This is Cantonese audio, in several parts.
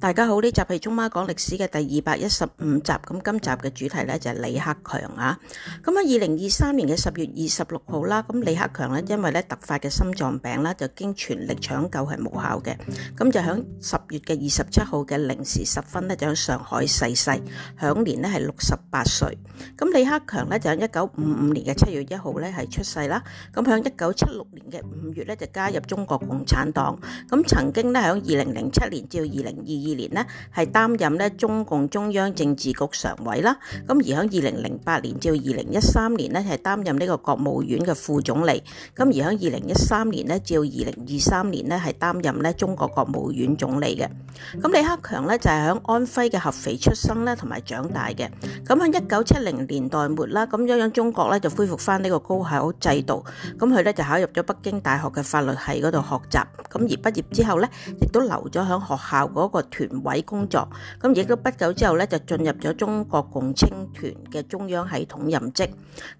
大家好，呢集係中媽講歷史嘅第二百一十五集，咁今集嘅主題呢就係李克強啊。咁喺二零二三年嘅十月二十六號啦，咁李克強呢因為呢突發嘅心臟病啦，就經全力搶救係無效嘅，咁就喺十月嘅二十七號嘅零時十分呢，就喺上海逝世，享年呢係六十八歲。咁李克強呢就喺一九五五年嘅七月一號呢，係出世啦，咁喺一九七六年嘅五月呢，就加入中國共產黨，咁曾經呢，喺二零零七年至二零二。二年呢，係擔任咧中共中央政治局常委啦。咁而喺二零零八年至二零一三年呢，係擔任呢個國務院嘅副總理。咁而喺二零一三年呢，至二零二三年呢，係擔任咧中國國務院總理嘅。咁李克強呢，就係喺安徽嘅合肥出生啦，同埋長大嘅。咁喺一九七零年代末啦，咁樣樣中國咧就恢復翻呢個高考制度。咁佢咧就考入咗北京大學嘅法律系嗰度學習。咁而畢業之後呢，亦都留咗喺學校嗰個團委工作，咁亦都不久之後咧，就進入咗中國共青團嘅中央系統任職。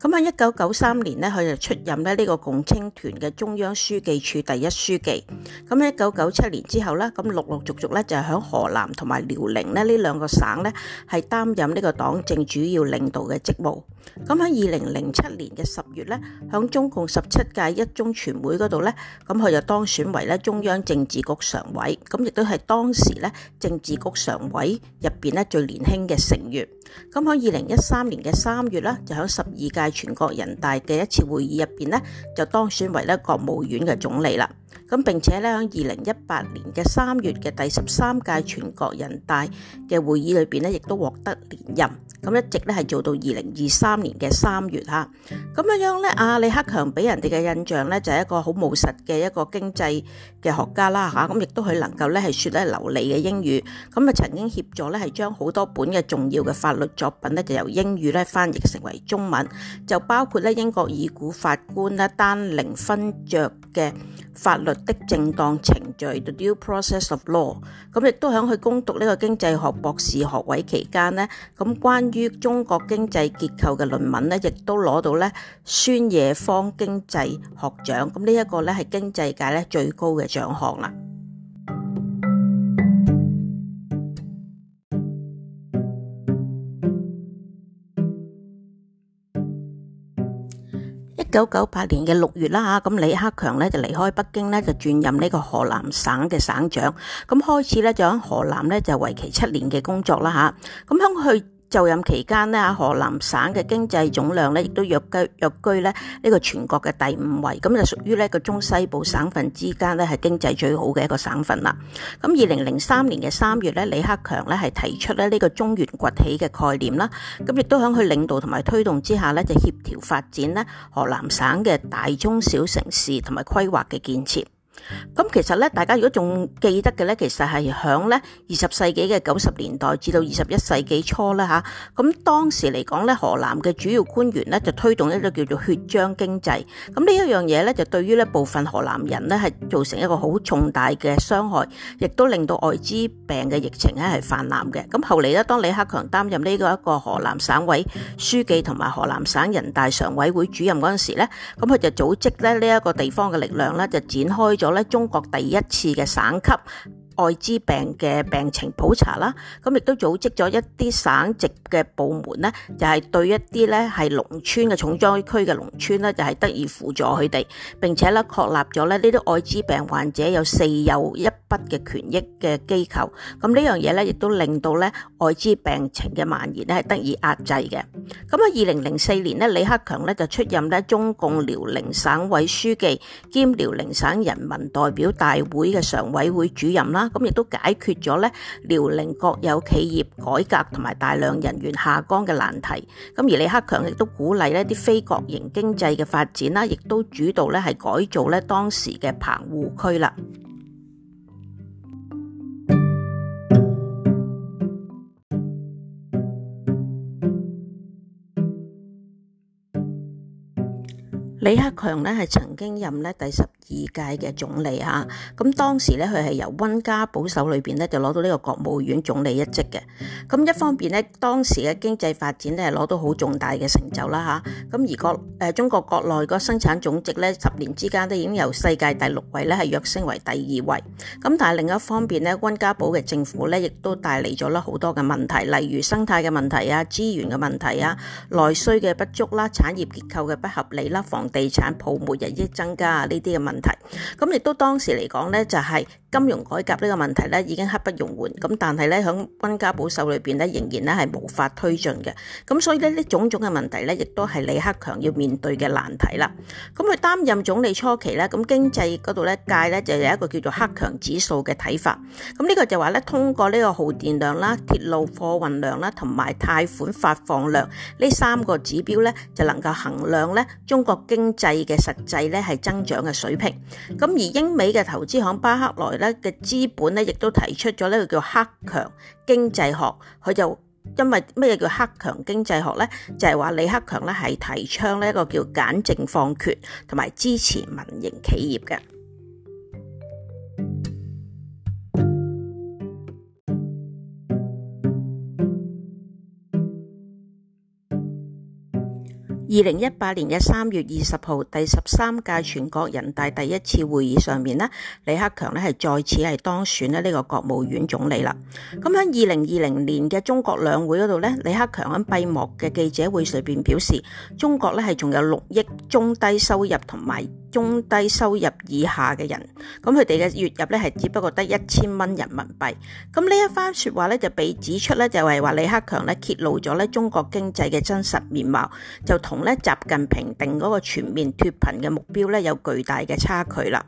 咁喺一九九三年呢，佢就出任咧呢個共青團嘅中央書記處第一書記。咁一九九七年之後呢，咁陸陸續續咧就係喺河南同埋遼寧咧呢兩個省呢，係擔任呢個黨政主要領導嘅職務。咁喺二零零七年嘅十月呢，喺中共十七屆一中全會嗰度呢，咁佢就當選為咧中央政治局常委。咁亦都係當時呢。政治局常委入邊咧最年輕嘅成員，咁喺二零一三年嘅三月咧，就喺十二屆全國人大嘅一次會議入邊咧，就當選為咧國務院嘅總理啦。咁並且咧喺二零一八年嘅三月嘅第十三屆全國人大嘅會議裏邊咧，亦都獲得連任。咁一直咧係做到二零二三年嘅三月吓。咁樣樣咧，阿李克強俾人哋嘅印象咧就係一個好務實嘅一個經濟嘅學家啦吓，咁亦都佢能夠咧係說咧流利嘅英語。咁啊曾經協助咧係將好多本嘅重要嘅法律作品咧就由英語咧翻譯成為中文，就包括咧英國已故法官咧丹寧分爵嘅法律的正當程序 （the due process of law），咁亦都喺佢攻讀呢個經濟學博士學位期間呢，咁關於中國經濟結構嘅論文呢，亦都攞到呢孫冶方經濟學獎，咁呢一個呢係經濟界咧最高嘅獎項啦。一九九八年嘅六月啦吓，咁李克強咧就離開北京咧，就轉任呢個河南省嘅省長，咁開始咧就喺河南咧就為期七年嘅工作啦吓，咁響去。就任期間呢，河南省嘅經濟總量呢亦都躍居躍居咧呢個全國嘅第五位，咁就屬於呢個中西部省份之間呢係經濟最好嘅一個省份啦。咁二零零三年嘅三月呢，李克強呢係提出咧呢個中原崛起嘅概念啦，咁亦都喺佢領導同埋推動之下呢就協調發展呢河南省嘅大中小城市同埋規劃嘅建設。咁其實咧，大家如果仲記得嘅咧，其實係響咧二十世紀嘅九十年代至到二十一世紀初啦吓。咁當時嚟講咧，河南嘅主要官員咧就推動呢個叫做血漿經濟。咁呢一樣嘢咧，就對於呢部分河南人咧係造成一個好重大嘅傷害，亦都令到艾滋病嘅疫情咧係泛濫嘅。咁後嚟咧，當李克強擔任呢個一個河南省委書記同埋河南省人大常委會主任嗰陣時咧，咁佢就組織咧呢一個地方嘅力量咧，就展開咗。咧，中國第一次嘅省級艾滋病嘅病情普查啦，咁亦都組織咗一啲省直嘅部門呢，就係對一啲呢係農村嘅重災區嘅農村呢，就係得以輔助佢哋。並且呢，確立咗呢呢啲艾滋病患者有四有一筆嘅權益嘅機構。咁呢樣嘢呢，亦都令到呢艾滋病情嘅蔓延呢係得以壓制嘅。咁啊，二零零四年呢，李克強呢就出任呢中共遼寧省委書記兼遼寧省人民代表大會嘅常委會主任啦。咁亦都解決咗呢遼寧國有企業改革同埋大量人員下崗嘅難題。咁而李克強亦都鼓勵呢啲非國營經濟嘅發展啦，亦都主導呢係改造呢當時嘅棚戶區啦。李克強呢係曾經任呢第十二屆嘅總理嚇，咁、啊、當時咧佢係由温家寶手裏邊咧就攞到呢個國務院總理一職嘅。咁一方面呢，當時嘅經濟發展咧係攞到好重大嘅成就啦嚇。咁、啊、而國誒、呃、中國國內個生產總值咧十年之間都已經由世界第六位咧係躍升為第二位。咁但係另一方面溫呢，温家寶嘅政府咧亦都帶嚟咗啦好多嘅問題，例如生態嘅問題啊、資源嘅問題啊、內需嘅不足啦、產業結構嘅不合理啦、房地產泡沫日益增加啊呢啲嘅問題。咁亦都當時嚟講咧，就係、是、金融改革呢個問題咧，已經刻不容緩。咁但係咧，喺溫家寶手裏邊咧，仍然咧係無法推進嘅。咁所以咧，呢種種嘅問題咧，亦都係李克強要面對嘅難題啦。咁佢擔任總理初期咧，咁經濟嗰度咧界咧就有一個叫做克強指數嘅睇法。咁、這、呢個就話咧，通過呢個耗電量啦、鐵路貨運量啦同埋貸款發放量呢三個指標咧，就能夠衡量咧中國經濟嘅實際咧係增長嘅水平。咁而英美嘅投資行巴克萊咧嘅資本咧，亦都提出咗呢個叫克強經濟學。佢就因為咩嘢叫克強經濟學咧？就係、是、話李克強咧係提倡呢一個叫簡政放權，同埋支持民營企業嘅。二零一八年嘅三月二十號，第十三屆全國人大第一次會議上面呢，李克強咧係再次係當選咧呢個國務院總理啦。咁喺二零二零年嘅中國兩會嗰度呢，李克強喺閉幕嘅記者會上面表示，中國呢係仲有六億中低收入同埋中低收入以下嘅人，咁佢哋嘅月入呢係只不過得一千蚊人民幣。咁呢一番說話呢，就被指出呢就係話李克強咧揭露咗呢中國經濟嘅真實面貌，就同。咧，習近平定嗰個全面脫貧嘅目標咧，有巨大嘅差距啦。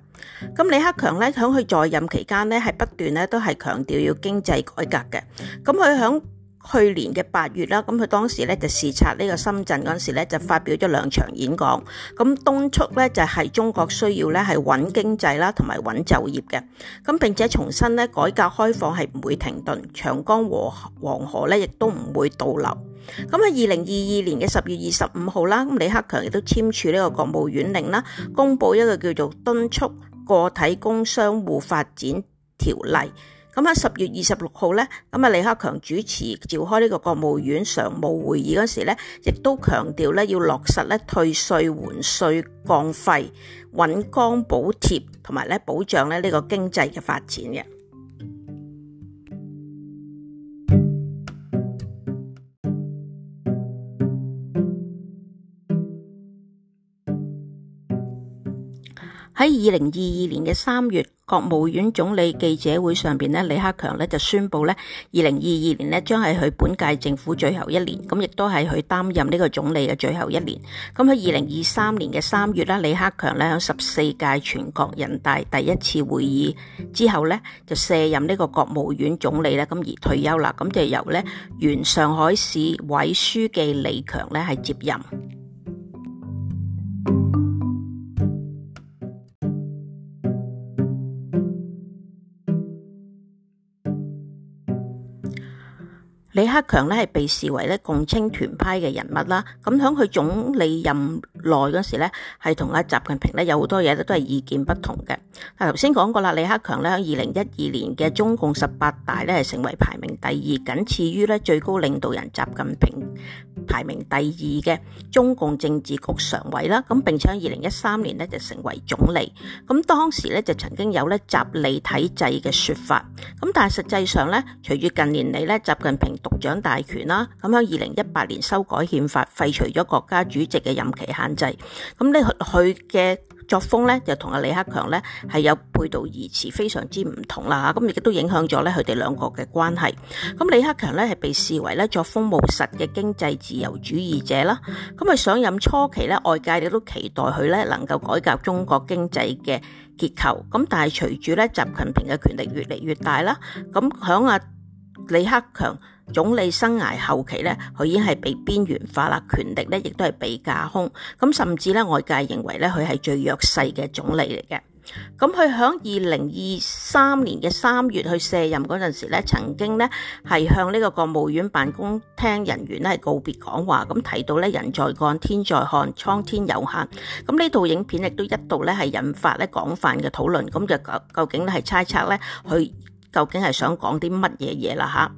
咁李克強咧，響佢在任期間咧，係不斷咧都係強調要經濟改革嘅。咁佢響。去年嘅八月啦，咁佢當時咧就視察呢個深圳嗰陣時咧，就發表咗兩場演講，咁敦促咧就係中國需要咧係穩經濟啦，同埋穩就業嘅。咁並且重新咧改革開放係唔會停頓，長江和黃河咧亦都唔會倒流。咁喺二零二二年嘅十月二十五號啦，咁李克強亦都簽署呢個國務院令啦，公布一個叫做《敦促個體工商戶發展條例》。十月二十六號咧，李克強主持召開呢個國務院常務會議嗰時咧，亦都強調咧要落實退稅、緩稅、降費、穩崗補貼，同埋保障咧呢個經濟嘅發展。喺二零二二年嘅三月，國務院總理記者會上邊咧，李克強咧就宣布咧，二零二二年咧將係佢本屆政府最後一年，咁亦都係佢擔任呢個總理嘅最後一年。咁喺二零二三年嘅三月啦，李克強咧喺十四屆全國人大第一次會議之後咧，就卸任呢個國務院總理咧，咁而退休啦，咁就由咧原上海市委書記李強咧係接任。李克強咧係被視為咧共青團派嘅人物啦，咁響佢總理任。內嗰時咧，係同阿習近平咧有好多嘢都係意見不同嘅。嗱頭先講過啦，李克強咧喺二零一二年嘅中共十八大咧係成為排名第二，僅次於咧最高領導人習近平排名第二嘅中共政治局常委啦。咁並且喺二零一三年呢，就成為總理。咁當時咧就曾經有咧習李體制嘅說法。咁但係實際上咧，隨住近年嚟咧，習近平獨掌大權啦。咁喺二零一八年修改憲法，廢除咗國家主席嘅任期限制咁咧，佢嘅作風咧就同阿李克強咧係有背道而馳，非常之唔同啦嚇。咁亦都影響咗咧佢哋兩個嘅關係。咁李克強咧係被視為咧作風務實嘅經濟自由主義者啦。咁啊上任初期咧，外界亦都期待佢咧能夠改革中國經濟嘅結構。咁但係隨住咧習近平嘅權力越嚟越大啦，咁響阿李克強。總理生涯後期咧，佢已經係被邊緣化啦，權力咧亦都係被架空。咁甚至咧，外界認為咧，佢係最弱勢嘅總理嚟嘅。咁佢喺二零二三年嘅三月去卸任嗰陣時咧，曾經咧係向呢個國務院辦公廳人員咧係告別講話。咁提到咧人在幹天在看，蒼天有限。咁呢套影片亦都一度咧係引發咧廣泛嘅討論。咁就究究竟係猜測咧，佢。究竟係想講啲乜嘢嘢啦嚇？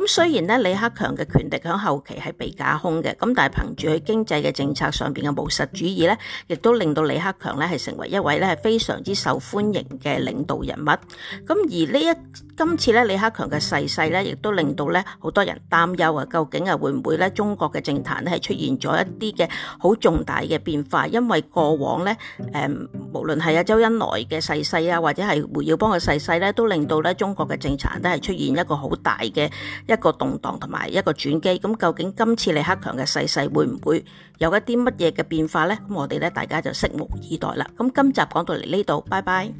咁雖然咧李克強嘅權力響後期係被架空嘅，咁但係憑住佢經濟嘅政策上邊嘅務實主義咧，亦都令到李克強咧係成為一位咧係非常之受歡迎嘅領導人物。咁而呢一今次咧李克強嘅逝世咧，亦都令到咧好多人擔憂啊！究竟係會唔會咧中國嘅政壇咧係出現咗一啲嘅好重大嘅變化？因為過往咧誒、嗯、無論係阿周恩來嘅逝世啊，或者係胡耀邦嘅逝世咧，都令到咧中國國嘅政策都係出現一個好大嘅一個動盪同埋一個轉機，咁究竟今次李克強嘅逝世會唔會有一啲乜嘢嘅變化咧？咁我哋咧大家就拭目以待啦。咁今集講到嚟呢度，拜拜。